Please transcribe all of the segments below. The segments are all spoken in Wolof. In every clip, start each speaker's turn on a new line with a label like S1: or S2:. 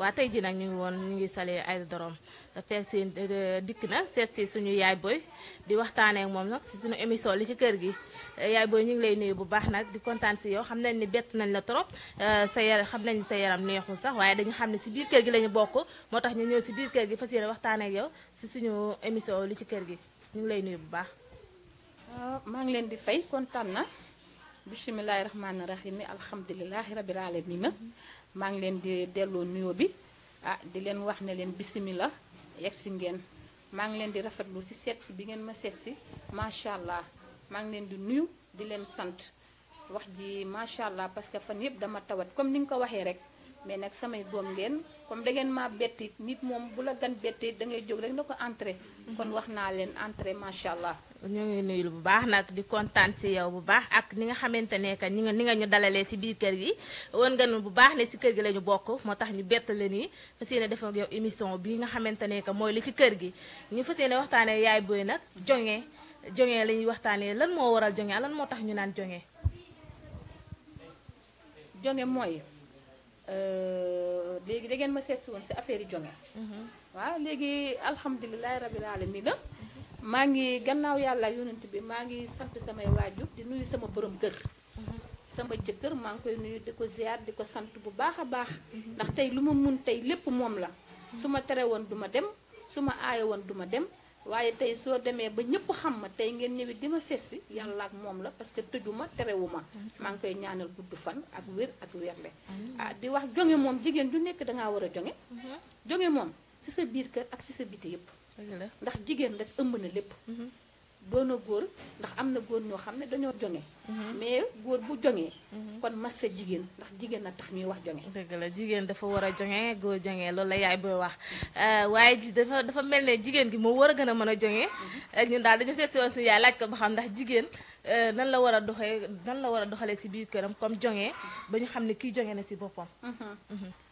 S1: waa tey ji nag ñu ngi woon ñu ngi sale aérodrome fekk si dikk na seet si suñu yaay boy di waxtaaneek moom nag si suñu émission li ci kër gi yaay boy ñu ngi lay nuyu bu baax nag di kontaan si yow xam nañ ni bett nañ la trop euh, sa yaram xam nañ sa yaram neexul sax waaye dañu xam ne si biir kër gi lañu bokk moo tax ñu ñëw si biir kër gi fas yéene waxtaanee ak yow si suñu émission li ci kër gi ñu ngi lay nuyu bu baax euh, maa ngi leen di fay kontaan na bisimilahi rahmaani rahim alhamdulilahi rabil alamina
S2: maa ngi leen di delloo nuyoo bi ah di leen wax ne leen bisimilah yegg si ngeen maa ngi leen di rafetlu si seet si bi ngeen ma seet si macha allah maa ngi leen di nuyu di leen sant wax ji macha allah parce que fan yëpp dama tawat comme ni nga ko waxee rek mais nag samay doom ngeen comme da ngeen maa betti nit moom bu la gan betti da
S1: ngay jóg rek na ko entré kon wax naa leen entré macha allah. ñoo ngi nuyu lu bu baax nag di kontaan si yow bu baax ak ni nga xamante ne que ni nga ni nga ñu dalalee si biir kër gi wan nga bu baax ne si kër gi la bokk moo tax ñu bett la nii fas yéene def yow émission bi nga xamante ne que mooy li ci kër gi ñu fas ne waxtaanee yaay booy nag joŋe joŋe la ñuy waxtaanee lan moo waral joŋe lan moo tax ñu naan jonge joŋe mooy euh, léegi da ngeen ma seet si woon si affaire yi joŋe. Mhm. waaw léegi
S2: alhamdulilah rabil aalamiina. maa ngi gannaaw yàlla yonent bi maa ngi sant samay waajur di nuyu sama borom kër sama jëkkër maa ngi koy nuyu di ko ziar di ko sant bu baax a baax ndax tey lu ma mun tey lépp moom la su ma tere woon du ma dem su ma aaye woon duma dem waaye tey soo demee ba ñëpp xam ma tey ngeen ñëwee di ma fessi yàlla ak moom la parce que tëjuma terewuma maa ngi koy ñaanal gudd fan ak wér ak wérle ah di wax jonge moom jigéen ju nekk dangaa war a jonge mhm. jonge moom ci sa biir kër ak ci sa biti yëpp ndax jigéen rek ëmb na lépp. Mhm. doon góor ndax am na góor
S1: ñoo xam ne dañoo jonge mhm. mais góor bu jongee mhm. kon mas jigéen ndax jigéen na tax muy wax jonge dëgg jigéen dafa war a jonge góor jonge loolu la yaay booy wax euh, waaye ji dafa dafa mel ne jigéen gi moo war a gën a mën a jonge ñun daal dañu seet si woon si yaay laaj ko ba xam ndax jigéen euh, nan la war a doxe nan la war a doxalee si biir këram comme jonge ba ñu xam ne kii jonge na si boppam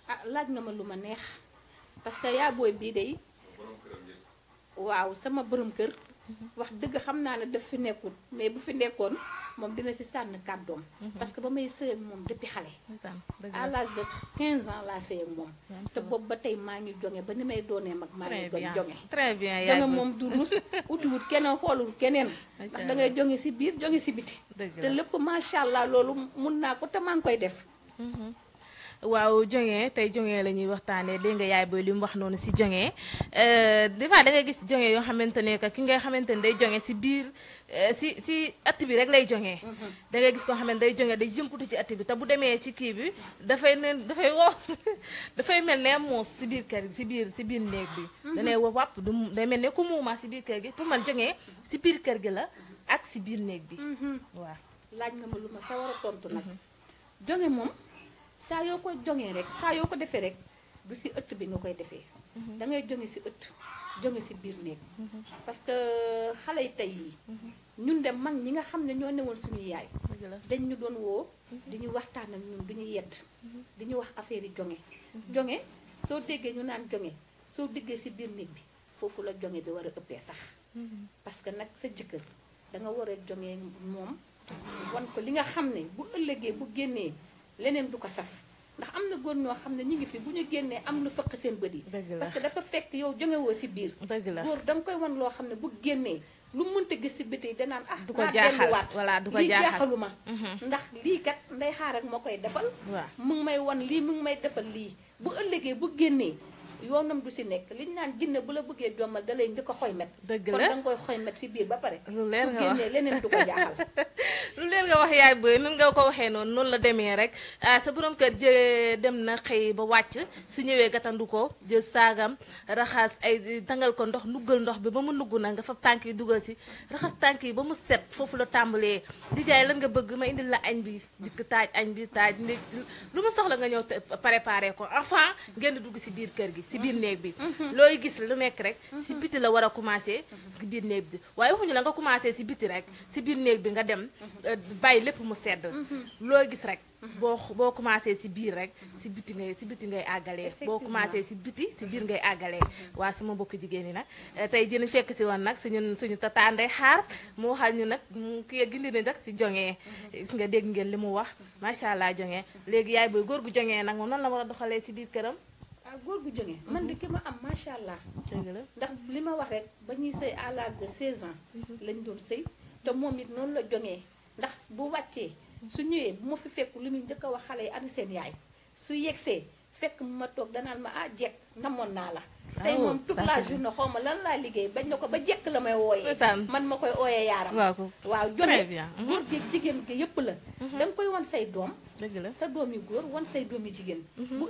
S2: ah laaj nga ma lu ma neex parce yaa booy bii day waaw sama borom kër. Mhm. wax dëgg xam naa ne daf fi nekkul mais bu fi nekkoon moom dina si sànn kàddoom. Mhm. parce que ba may sëy ak moom depuis xale. à l'âge de 15 ans laa sëy ak moom. te boobu ba tey maa ngi jonge ba ni may doonee mag maa ngi doon jonge.
S1: très bien yaa moom du
S2: rus utiwut keneen xoolul keneen. ndax dangay ngay jonge si biir jonge si biti. te lépp macha allah loolu mun naa ko te maa ngi koy def.
S1: Mhm. waaw jonge tey jonge la ñuy waxtaanee dégg nga yaay booy li mu wax noonu si jonge euh, des fois da gis jonge yoo xamante ne ki nga xamante ne day jonge si biir euh, si si att rek lay jonge mhm. da ngay gis koo day jonge day yënkutu ci att bi te bu demee ci kii bi dafay ne dafay woo dafay mel ne muus si biir kër gi si biir si biir néeg bi mhm. danay wo wàpp day mel ne ku muuma si biir kër gi pour man jonge si biir kër gi la ak si biir néeg bi mhm. waaw laaj nga ma lu ma sawar a tontu nag jonge moom saa yoo
S2: ko jongee rek saa yoo ko defee rek du si ëtt bi nga koy defee mhm. da ngay jonge si ëtt jonge si biir néeg mhm. parce que xale yi tey yi mhm. ñun de mag ñi nga xam ne ñoo newoon suñu yaay dañ ñu doon woo di ñu waxtaan ak ñun di ñu yedd di ñu wax affaire yi jonge jonge soo déggee ñu naan jonge soo diggee si biir néeg bi foofu la jonge bi war a ëppee sax parce que nag sa jëkkër da nga war a jonge moom wan ko li nga xam ne bu ëllëgee bu génnee leneen du ko saf ndax am na góor ñoo xam ne ñu ngi fi bu ñu génnee am lu fëq seen bët yi parce que dafa fekk yow jógewoo si
S1: biir góor
S2: da nga koy wan loo xam ne bu génnee lu mënta gis si biti danaan ah du ko jaaxal
S1: voilà du ko jaaxal lii jaaxalu ma
S2: mhm. ndax lii kat nday xaar ak moo koy defal mu ngi may wan lii mu ngi may defal lii bu ëllëgee bu génnee yoonam du si nekk liñ naan jinne bu la bëggee jommal da lay njëkk a xoy dëgg la kon da nga koy xoy biir ba pare lu leer nga wax su génnee leneen du
S1: lu leer nga wax yaay booy nun nga ko waxee noonu noonu la demee rek ah, sa borom kër jë dem na xëy ba wàcc su ñëwee gatandu ko jël saagam raxas ay tangal ko ndox nuggal ndox bi ba mu nugg na nga fa tànk yi dugal si raxas tànk yi ba mu set foofu la tàmbalee di jaay lan nga bëgg ma indil la añ bi dikk taaj añ bi taaj ndé lu mu soxla nga ñëw préparé ko enfin ngeen dugg si biir kër gi si biir néeg bi mhm. looy gis lu nekk rek si mhm. biti la war a commencé si biir néeg bi waaye waxuñu la nga commencé si biti rek si biir néeg bi dem mhm. euh, bàyyi lépp mu sedd looy gis rek boo boo commencé si biir rek si biti ngay si biti ngay àggalee boo commencé si biti si biir ngay àggalee waa sama mbokk jigéen ñi nag euh, tey jën fekk si woon nag suñu suñu tataa Ndeye Xaar mu waxal ñu nag mu kii gindi nañ nag si joŋee gis nga dégg ngeen li mu wax macha allah joŋee léegi yaay booy góor gu joŋee nag moom nan la war a doxalee si biir këram
S2: ah góor bu jógee man di mhm. ki ma am macha allah. ndax li ma wax rek ba ñuy sëy à l'âge de ans. Mhm. lañ doon sëy te moom it noonu la jógee ndax bu wàccee. su ñëwee bu ma fi fekk li muy njëkk a wax xale yi ani seen yaay su yegsee fekk ma toog danaan ma ah jekk namoon naa la. Ah, tey moom toute la journée xaw ma lan laa liggéey bañ na ko ba jekk la may wooyee. man ma koy ooyee yaaram. waaw jóge mhm. góor gi jigéen gi yëpp la. da koy wan say doom. dëgg la sa doom yu góor wan say doom yu jigéen. bu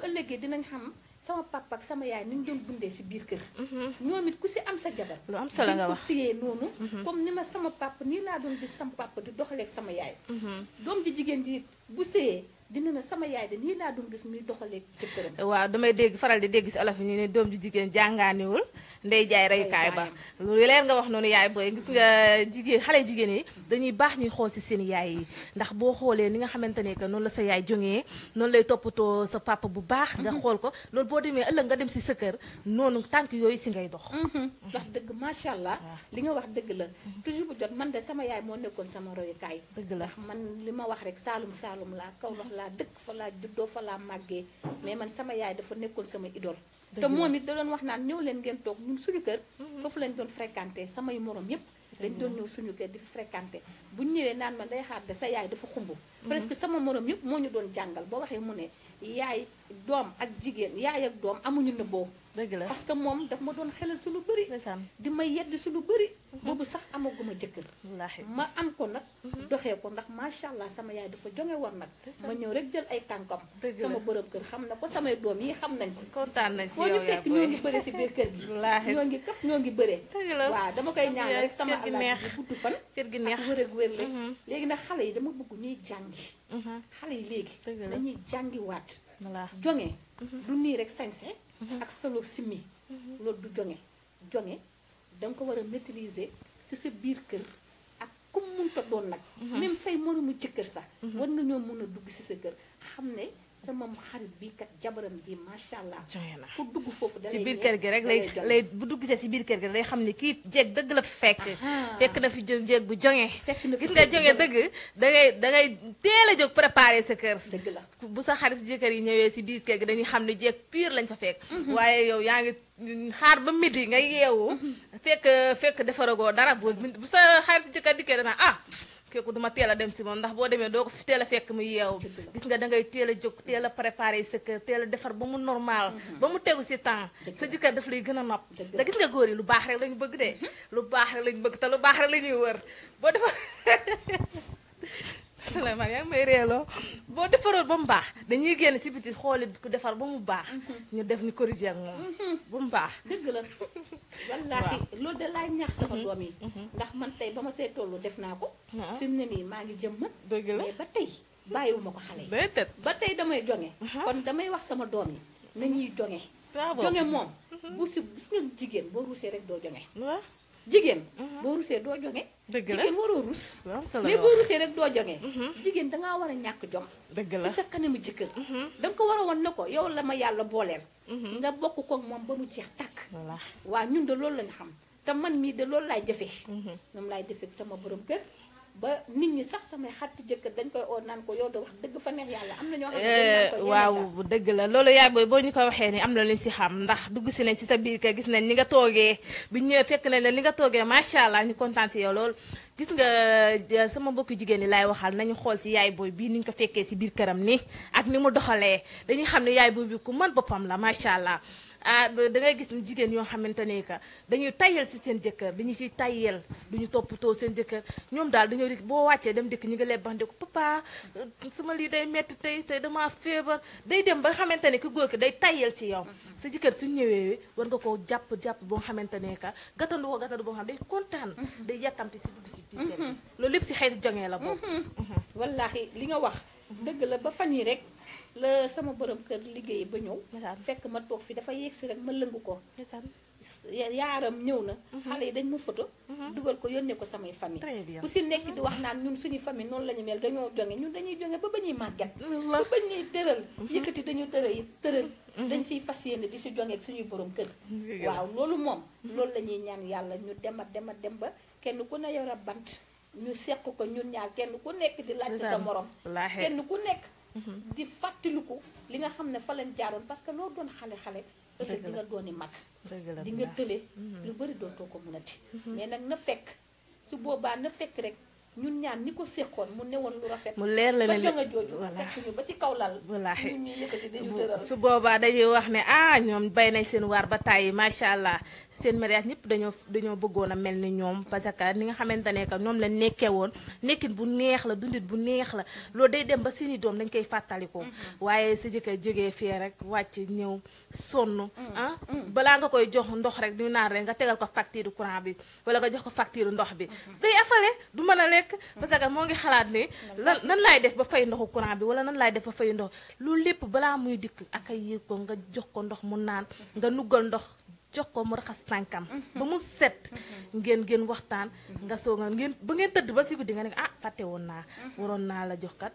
S2: sama papa ak sama yaay ni ñu doon bundee si biir kër. Mhm. ñoom it ku si am sa jabar. lu am solo nga wax ko téye noonu. Mhm. comme ni ma sama papa nii laa doon gis sama papa di doxaleeg sama yaay. Mhm. doom ji jigéen ji bu sëyee. dina na sama yaay de nii laa doon gis muy doxalee
S1: jëkkëram waaw damay dégg faral di dégg si olof yi ne doom ju jigéen jàngaaniwul ndey jaay reyukaay ba lu leer nga wax noonu yaay booy gis nga jigéen xale jigéen yi dañuy baax ñuy xool si seen yaay yi ndax boo xoolee ni nga xamante ne que noonu la sa yaay jógee noonu lay toppatoo sa papa bu baax nga mhm. xool ko loolu boo demee ëllëg nga dem si sa kër noonu tànk yooyu si ngay dox mhm. ndax dëgg macha allah li nga wax dëgg la toujours bu jot man de sama yaay moo nekkoon sama
S2: royukaay dëgg la man li ma wax rek saalum saalum laa kaw laa dëkk fa laa juddoo fa laa màggee mais man sama yaay dafa nekkoon sama idole te moom it da doon wax naan ñëw leen ngeen toog ñun suñu kër mm-hmm. foofu lañ doon fréquenté samay moroom yépp dañ doon ñëw suñu kër di fi fréquenté bu ñu ñëwee naan ma day xaar de sa yaay dafa xumb mm-hmm. presque sama moroom yëpp moo ñu doon jàngal boo waxee mu ne yaay doom ak jigéen yaay ak doom amuñu nëbboo dëgg la parce que moom daf ma doon xelel su lu bëri di ma yedd si lu bëri mhm. boobu sax amaguma jëkkër ma am ko nag mhm. doxee ko ndax macha allah sama yaay dafa jonge war nag ma ñëw rek jël ay tànkam sama borom kër xam na ko samay doom yi xam nañ
S1: kontaan nañ ci yow ñu fekk ñoo ngi bëri si biir kër gi
S2: ngi kaf ñoo ngi bëree dama koy ñaan rek sama allah bi gudd fan kër gi neex wér ak wér mhm. léegi nag xale yi dama bëgg ñuy jàngi xale yi léegi dañuy jàngiwaat jonge du nii rek sañse Mm-hmm. ak solo simmi mm-hmm. loolu du jonge jonge danga ko war a maîtriser ci sa biir kër ak comme munta doon nag mm-hmm. même say ci kër sax war nañoo mën a dugg ci sa kër xam ne sama xarit bi kat jabaram ji macha allah. ku dugg foofu da lay ci biir kër gi rek lay lay bu
S1: dugg see si biir kër gi lay xam ni kii jeeg dëgg la fi fekk. fekk na fi jóg jeeg bu joŋee. fekk na gis nga joŋee dëgg dangay dangay teel a jóg préparer sa kër. dëgg la bu sa xarit jëkkër yi ñëwee si biir kër gi dañuy xam ne jeeg piir lañ fa fekk. Mhm. waaye yow yaa ngi. xaar ba midi nga yeewu. Mhm. fekk fekk defaragoo dara bu bu sa xarit jëkkër dikkee dana ah. fekku duma teel dem si moom ndax boo demee doo ko teel fekk mu yeew gis nga da ngay teel a jóg teel a préparé sa kër defar ba mu normal mhm. ba mu tegu si temps sa jëkkër daf lay gën a nopp te gis nga góor yi lu baax rek lañu bëgg de mhm. lu baax rek lañu bëgg te lu baax rek la ñuy wër boo defar Souleymane yaa ngi may reeloo boo defaroon ba mu baax dañuy génn si biti xooli ku defar ba mu baax. ñu def ni corriger ak moom. ba mu baax. dëgg la
S2: wallaahi loolu de laay ñaax sama mhm. doom yi. Mhm. ndax man tey ba ma see tollu def naa ko. fi mu ne nii maa ngi jëm man. dëgg la mais ba tey bàyyiwuma ko xale yi. ba tey damay jonge uh-huh. kon damay wax sama doom yi nañuy jonge jonge moom mhm. bu si gis nga jigéen boo ruusee rek doo jonge jigéen mhm. boo rusee doo joge dëgg la jigéen waroo rus mais boo rusee rek doo joge mhm. jigéen dangaa war a ñàkk jom dëgg la ci sa kanamu jëkkër mhm. da nga ko war a woon ne ko yow la ma yàlla booleel nga bokk kook moom ba mu jeex tàkk waaw ñun de loolu lañ xam te man mii de loolu laay jëfee moom laay jëfee sama borom kër ba nit ñi sax samay xatti jëkkër dañ koy oo naan ko yow de wax dëgg fa neex yàlla am na ñoo xam ne eh, waaw
S1: dëgg la loolu yaay boo ñu ko waxee ni am na luñ si xam ndax dugg si nañ si sa biir kër gis nañ ni nga toogee bu ñu ñëwee fekk nañ la ni nga toogee macha allah ñu kontaan si yow loolu gis nga sama mbokki jigéen ñi laay waxal nañu xool si yaay booy bii ñu ko fekkee si biir këram ni ak ni mu doxalee dañuy xam ne yaay booy bi ku man boppam la macha allah ah da ngay gis jigéen yoo xamante ne que dañuy tayyal si seen jëkkër dañu ciy tayyal duñu toppatoo seen jëkkër ñoom daal dañoo dik boo wàccee dem dikk ñi ngi lay bandeko papa sama lii day metti tey tey dama feebar day dem ba xamante ne ki góor ki day tayyal ci yow sa jëkkër suñu ñëwee war nga ko jàpp-jàpp boo xamante ne que gatandu ko gatandu boo xam day kontaan day yàkkamti si dugg si biir mm-hmm. loolu lépp si xeeti jongee la boobu mm-hmm. wallaahi li nga wax dëgg la ba fan yi rek la sama borom
S2: kër liggéey ba ñëw fekk ma toog fi dafa yegg si rek ma lëngu ko yaaram ñëw na mhm. xale yi dañ ma photo mhm. dugal ko yónnee ko samay famille ku si nekk di mhm. wax naan ñun suñu famille noonu la ñu mel dañoo jonge ñun dañuy jonge ba ba ñuy màgget ba ba ñuy tëral yëkkati dañu tëral tëral dañ siy fas yéene di si jonge ak suñuy borom kër waaw loolu moom loolu la ñaan yàlla ñu dema dema dem ba kenn ku ne yor a bant ñu seq ko ñun ñaar kenn ku nekk di laajte sa morom Mhm. di fàttaliku li nga xam ne fa lañ jaaroon parce que loo doon xale-xale ëllëg di nga dooni mag di nga tële mhm. lu bëri dootoo ko mun mënati mhm. mais nag na fekk su boobaa na fekk rek ñun ñaan ni ko séqoon mu newoon lu rafet. mu leer la ne ba jooju fekk ñu ba ci kaw lal. wallaahi ñuy yëkkati dañu su
S1: boobaa dañuy wax ne ah ñoom bay nañ seen waar ba tàyyi macha allah seen mariage ñëpp dañoo dañoo bëggoon a mel ni ñoom parce que ni nga xamante ne que ñoom la nekkee woon nekkin bu neex la dundit bu neex la loolu day dem ba seeni doom dañ koy fàttalikoo. Mm-hmm. waaye si jëkkër jógee fii rek wàcc ñëw sonn. Mm-hmm. ah mm-hmm. balaa nga koy jox ndox rek di naan rek nga tegal ko facture courant bi wala nga jox ko facture ndox bi. day afale du mën a lekk fekk parce que moo ngi xalaat ni lan nan laay def ba fay ndoxu courant bi wala nan laay def ba fay ndox loolu lépp balaa muy dikk ak ay yër ko nga jox ko ndox mu naan nga nuggal ndox jox ko mu raxas tànkam ba mu set ngeen ngeen waxtaan nga soo nga ngeen ba ngeen tëdd ba si guddi nga ne ah fàtte woon naa waroon naa la jox kat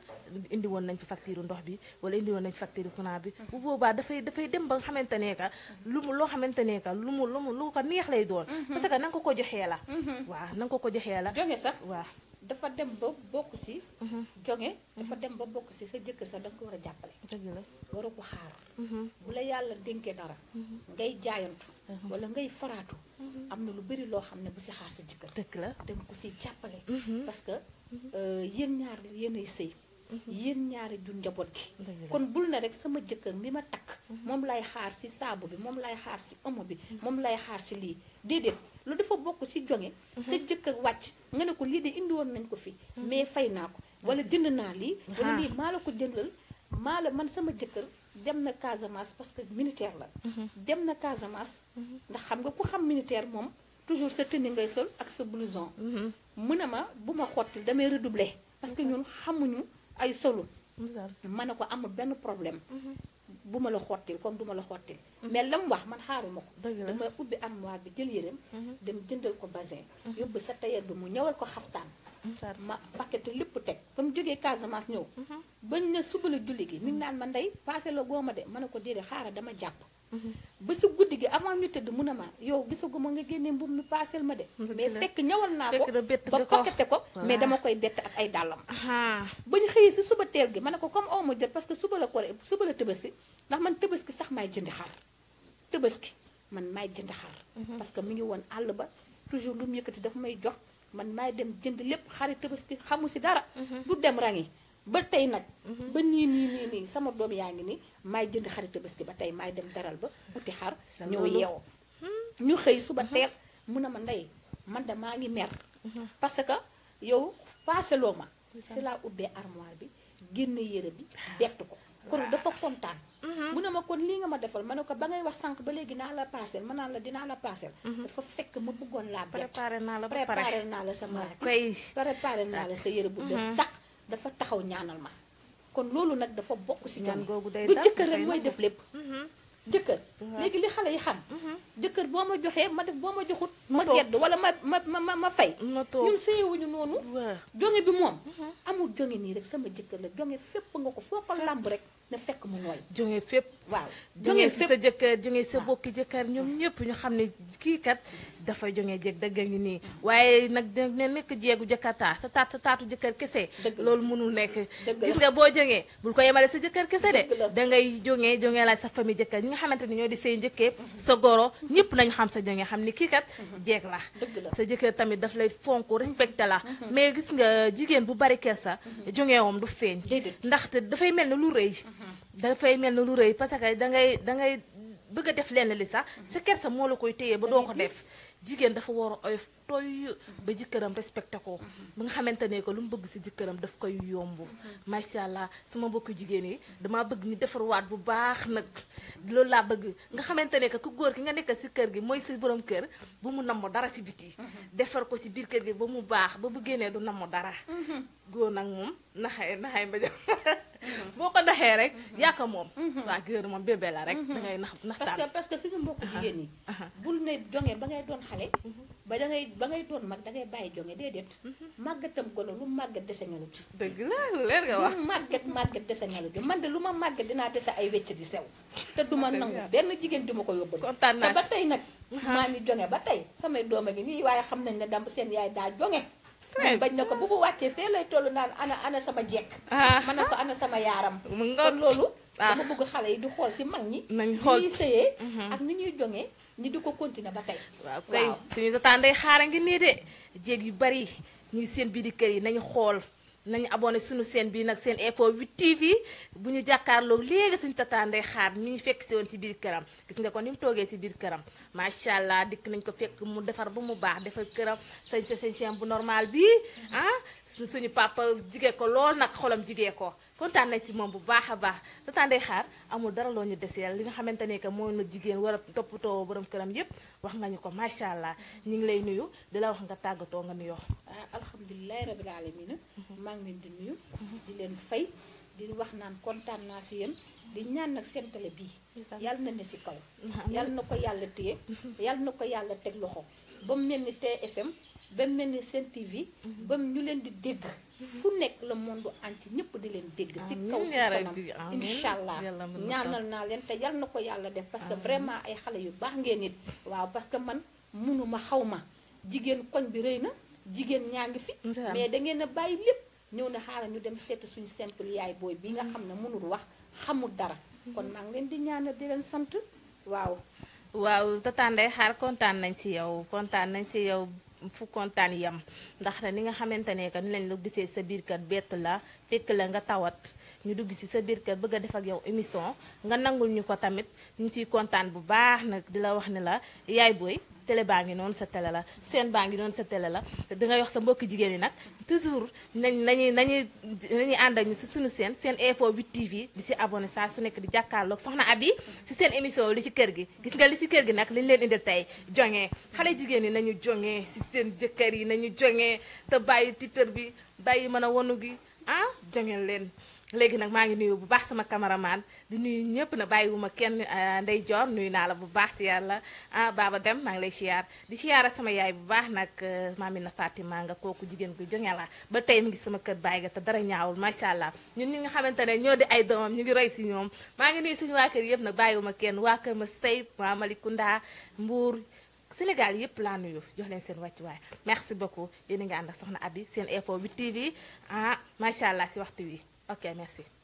S1: indi woon nañ fi facture ndox bi wala indi woon nañ fi facture courant bi bu boobaa dafay dafay dem ba nga xamante ne que lu mu loo xamante ne que lu mu lu mu lu ko neex lay doon mm-hmm. parce que na ko ko joxee la mm-hmm. waaw ko joxee la joxe sax waaw dafa dem ba
S2: bokk si. Mhm. jonge mhm. dafa dem ba bokk si sa jëkkër sa da nga ko war a jàppale. dëgg la waroo ko xaar. Mhm. bu la yàlla dénkee dara. ngay jaayantu. wala ngay faraatu. am na lu bëri loo xam ne bu si xaar sa jëkkër. dëgg la da ko si jàppale. parce que euh, yéen ñaar yéenay sëy. yéen ñaari jur njaboot gi. kon bul na rek sama jëkkër bi ma takk. moom lay xaar si saabu bi moom lay xaar si omo bi. moom lay xaar si lii déedéet. lu dafa bokk ci jonge mhm. sa jëkkër wàcc nga ne ko lii de indi woon nañ ko fii mhm. mais fay naa ko wala jënd naa lii mhm. wala lii ah. maa la ko jëndal maa la man sama jëkkër dem na Casamance parce que militaire la dem na Casamance ndax xam nga ku xam militaire moom toujours sa tenue ngay sol ak sa blouson mën a ma bu ma xotti damay redoubler parce que ñun xamuñu ay solu ma ne ko amul benn problème bu ma la xottil comme du ma la xottil mhm. mais lam wax man xaaruma ko damay ubbi armoire bi jël yërëm mhm. dem jëndal ko basin mhm. yóbbu sa tailleur bi mu ñëwal ko xaftaan ma paquetu lépp teg ba mu jógee Casamance ñëw bañ na suba la julli gi mi naan ma ndey passé la gooma de ma ne ko déedéet xaaral dama jàpp ba si guddi gi avant ñu tëdd mun a ma yow gisaguma nga génnee mbubb mi paaseel ma de mais fekk ñawal naa ko ba pakete ko mais dama koy bett ak ay dàllam ba ñu xëyee si suba teel gi ma ne ko comme aw ma jot parce que suba la kore suba la tëbaski ndax man tëbaski sax maay jëndi xar tëbaski man maay jënd xar mhm. parce que mu ngi woon àll ba toujours lu mu yëkkati dafa may jox man maay dem jënd lépp xari tëbaski xamu si dara mhm. du dem yi ba tey nag. Mhm. ba nii nii nii nii sama doom yaa ngi nii maay jënd xarit Tabaski ba tey maay dem daral ba uti xar. ñëw yeewu hmm. ñu xëy suba mhm. teel mun a ma ndey man de maa ngi mer. Mhm. parce que yow paase loo ma. si laa ubbee armoire bi génne yére bi bett ko. kon dafa kontaan. mu ne ma kon lii nga ma defal ma ne ko ba ngay wax sànq ba léegi naa la paaseel ma naan la dinaa la paaseel. dafa fekk ma bëggoon laa bett. préparé naa la naa la sa maraakis préparé naa la sa yére bu def dafa taxaw ñaanal ma kon loolu nag dafa bokk si ñoom du jëkkër rek mooy def lépp mhm. jëkkër léegi li xale yi xam mhm. jëkkër boo ma joxee ma def boo ma joxut ma gedd wala ma ma ma ma fay ñun séyewuñu noonu jonge bi moom
S1: mhm. amul jonge nii rek sama jëkkër la jonge fépp nga ko foo ko làmb rek na fekk mu nooy fépp waaw jógee si sa jëkkër jógee sa bokki jëkkër ñoom ñëpp ñu xam ne kii kat dafay jógee jeeg dëgg ngi nii waaye nag ne nekk jéegu taa sa taat sa taatu jëkkër kese loolu mënul nekk gis nga boo jógee bul ko yemale sa jëkkër kese de da ngay jógee jógee laaj sa famille jëkkër ñi nga xamante ni ñoo di seen njëkkee sa goro ñëpp xam sa jógee xam ni kii kat mhm. jeeg la sa jëkkër tamit daf lay fonk mhm. respecté la mhm. mais gis nga jigéen bu bari kersa jógee woom du feeñ ndaxte dafay mel ne lu rëy dafay mel na lu rëy parce que dangay dangay bëgg a def lenn li sax sa kersa moo la koy téye ba doo ko def jigéen dafa war a oyof tooy ba jëkkëram respecté ko mhm. ba nga xamante ne ko lu mu bëgg si jikkëram daf koy yomb mhm. macha allah sama mbokku jigéen yi damaa bëgg ñu defarwaat bu baax nag loolu laa bëgg nga xamante ne que ku góor ki nga nekk si kër gi mooy si borom kër bu mu namm dara si biti mhm. defar ko si biir kër gi ba mu baax ba bu génnee du namm dara góor nag moom naxay naxay mba boo ko daxee rek yàq moom mhm. waa góor moom bébé la rek mhm. da nax nax naxtaan parce que parce que suñu mbokku jigéen ñi bul ne jonge ba ngay doon
S2: xale mhm. ba da ngay ba ngay doon mag da ngay bàyyi jonge déedéet màggatam ko la lu màggat dese ñalut dëgg la leer nga wax lu màggat man de lu ma màggat dinaa dese ay wécc di sew te duma nangu benn jigéen di ma ko yóbbul kontaan naa te ba tey nag maa ngi jonge ba tey samay doom a ngi nii waaye xam nañ ne damb seen yaay daa jonge bañ na ko bu bu wàccee fee lay toll naan ana ana sama jekk ah. man na ko ana sama yaaram kon loolu ah. dama bëgg xale yi di
S1: xool si mag ñi nañ xool ñuy sëyee mhm. ak ni ñuy joŋee ñi di ko continuer ba tey waaw kay su sa taan day xaar a ngi nii de jéeg yu bari ñuy seen biir kër yi nañu xool nañu abonné suñu seen bi nag seen info 8 TV bu ñu jàkkaarloo léegi suñ tataan day xaar ñu ñu fekk si woon si biir këram gis nga ko ni mu toogee si biir këram macha allah dikk nañ ko fekk mu defar ba mu baax defar këram sañ sa sañ bu normal bi ah suñu papa jigee ko lool nag xolam jigee ko kontaan na ci moom bu baax a baax te tàndee xaar amul dara loo ñu deseel li nga xamante ne que moo na jigéen war a toppatoo borom këram yépp wax nga ñu ko macha allah ñi ngi lay nuyu di la wax nga tàggatoo nga nuyoo.
S2: ah alhamdulilah rabil aalamiina. Mhm. maa ngi leen di nuyu. Mhm. di leen fay di wax naan kontaan naa si yéen. Mhm. di ñaan nag seen télé bii. yàlla na ne si kaw. yàlla na ko yàlla téye. yàlla na ko yàlla teg loxo. ba mu mel ni TFM ba mel ni Sen TV. ba ñu leen di dégg. fu nekk le monde entier ñëpp di leen dégg si kaw si kanam incha allah ñaanal naa leen te yal na ko yàlla def parce que vraiment ay xale yu baax ngeen it waaw parce que man munuma xaw ma jigéen koñ bi rey na jigéen ñaa ngi fi mais da ngeen a bàyyi lépp ñëw na xaaral ñu dem seetu suñu simple yaay booy bi nga xam ne mënul wax xamul dara kon maa ngi di ñaanal di leen sant
S1: waaw waaw tataanday xaar kontaan nañ si yow kontaan nañ si yow fu kontaan yam ndax ni nga xamante ne que ni lañ la gisee sa biir kër bett la fekk la nga tawat ñu dugg si sa biir kër bëgg a def ak yow émission nga nangul ñu ko tamit ñu ciy kontaan bu baax nag di la wax ne la yaay booy télé baa ngi noonu sa télé la seen baa ngi noonu sa télé la dangay wax sa mbokki jigéen yi nag toujours nañ nañuy nañuy nañuy ànd ak ñu si suñu seen seen info 8 TV di si abon saa su nekk di jàkkaarloog soxna Abi si seen émission li ci kër gi gis nga li ci kër gi nag liñ leen indil tey joŋee xale jigéen yi nañu joŋee si seen jëkkër yi nañu joŋee te bàyyi titre bi bàyyi mën a wonu gi ah joŋeel leen léegi nag maa ngi nuyu bu baax sama kamaramaan di nuyu ñëpp na bàyyiwuma kenn euh, ndey joor nuyu naa la bu baax ci yàlla ah Baba Dem maa ngi lay siyaar di siyaara sama yaay bu baax nag euh, Mamina Fatima nga kooku jigéen gu joŋe ba tey mu ngi sama kër bàyyi nga dara ñaawul macha allah ñun ñi nga xamante ne ñoo di ay doomam ñu ngi roy si ñoom maa ngi nuyu suñu waa kër yëpp nag bàyyiwuma kenn waa kër ma sëy waa Malicounda Mbour Sénégal yëpp laa nuyu jox leen seen wàccuwaay merci beaucoup yéen a ngi ànd ak soxna Abi seen info 8 TV ah macha allah si waxtu wi ok merci